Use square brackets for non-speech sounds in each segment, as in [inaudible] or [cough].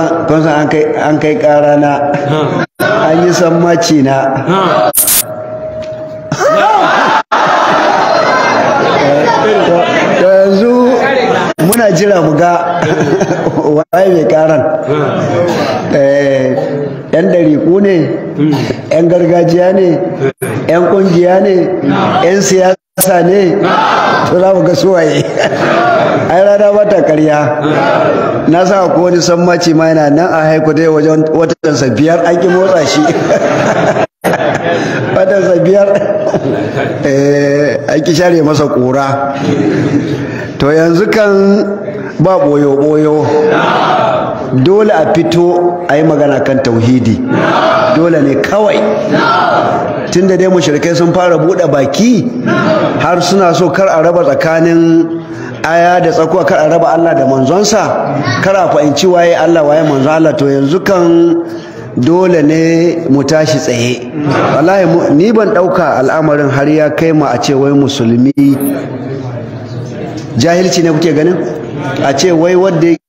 san an kai kara na an yi sammaci na to yanzu muna jira mu ga waye mai karan eh, yan dariku ne hmm. yan gargajiya ne hmm. yan kungiya ne hmm. yan siyasa siyasa ne to za mu ga suwaye ai rana ba ta karya na sa ko wani sammaci ma yana nan a haiku dai wajen watansa biyar an ki motsa shi [laughs] watansa biyar eh, an ki share masa kura to yanzu kan ba boyo boyo dole a fito a yi magana kan tauhidi dole ne kawai tun da dai mushirikai sun fara buɗe baki har suna so kar a raba tsakanin aya da tsakuwa kar a raba Allah da manzonsa kar a fahimci waye Allah waye manzo Allah to yanzu kan dole ne mu tashi tsaye wallahi ni ban ɗauka al'amarin har ya kai ma a ce wai musulmi jahilci ne kuke ganin a ce wai wadda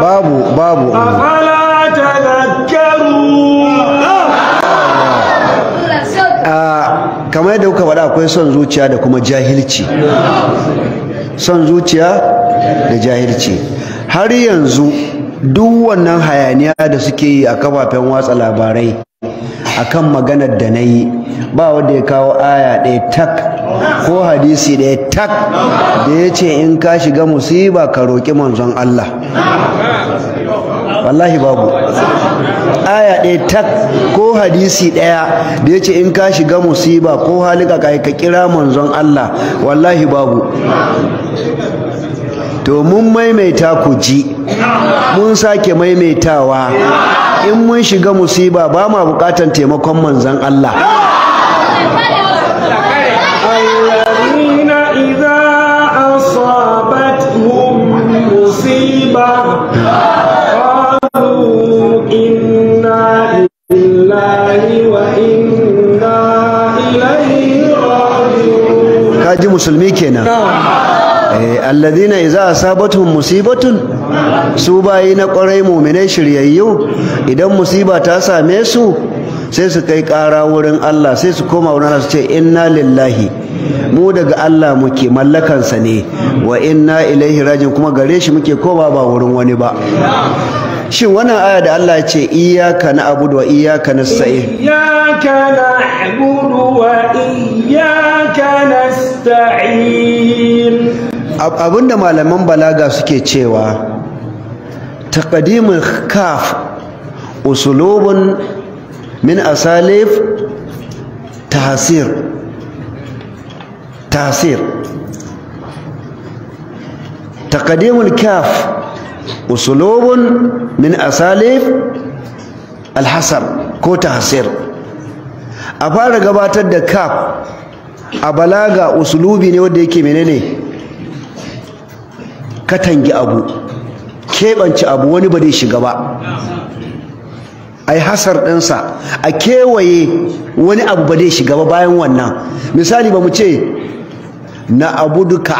Babu babu ah, kamar yadda kuka faɗa akwai son zuciya da kuma jahilci son zuciya da jahilci har yanzu duk wannan hayaniya da suke yi a kafafen watsa labarai akan maganar da na yi ba wanda ya kawo aya ɗaya tak ko hadisi ɗaya tak da ya ce in ka shiga musiba ka roƙi manzon Allah wallahi babu aya ɗaya tak ko hadisi ɗaya da ya ce in ka shiga musiba ko halika ka ka kira manzon Allah wallahi babu to mun maimaita ku ji mun sake maimaitawa in mun shiga musiba ba ma bukatan taimakon manzon Allah kaji musulmi kenan eh, alladhina iza asabatuhum musibatun su bayi na kwarai mu'minai shiryayyu idan musiba ta same su sai su kai ƙara wurin Allah sai su koma wurin Allah su ce inna lillahi mu daga Allah muke mallakansa ne wa inna ilaihi rajin kuma gare shi muke koma ba wurin wani ba shin wannan aya da Allah ya ce iyyaka na'budu wa iyyaka nasta'in iyyaka na'budu wa iyyaka nasta'in abinda malaman balaga suke cewa taqdimul kaf usulubun min asalif tahsir tahsir taqdimul kaf usulubun min asalif alhasar ko tahsir a fara gabatar da kaf a balaga usulubi ne wanda yake menene katangi abu kebanci abu wani ba zai shiga ba a yi hasar ɗinsa a kewaye wani abu ba zai shiga ba bayan wannan misali ba mu ce na abu duka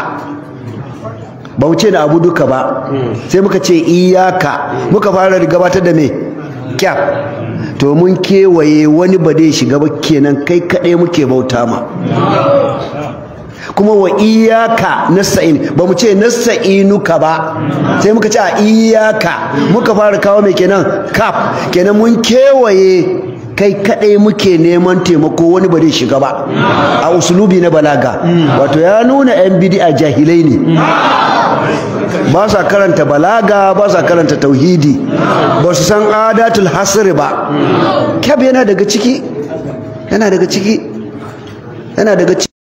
ba mu ce na abu duka ba hmm. sai muka ce iyaka muka fara gabatar da me gap to mun kewaye wani ba zai shiga ba kenan kai kaɗai muke bauta ma kuma wa iyaka nasta'in ba mu ce nasta'inuka ba sai muka ce a iyaka muka fara kawo mai kenan kaf kenan mun kewaye kai kadai muke neman taimako wani ba zai shiga ba a usulubi na balaga wato ya nuna yan bidi'a jahilai ne ba sa karanta balaga ba sa karanta tauhidi ba su san adatul hasri ba kyab yana daga ciki yana daga ciki yana daga ciki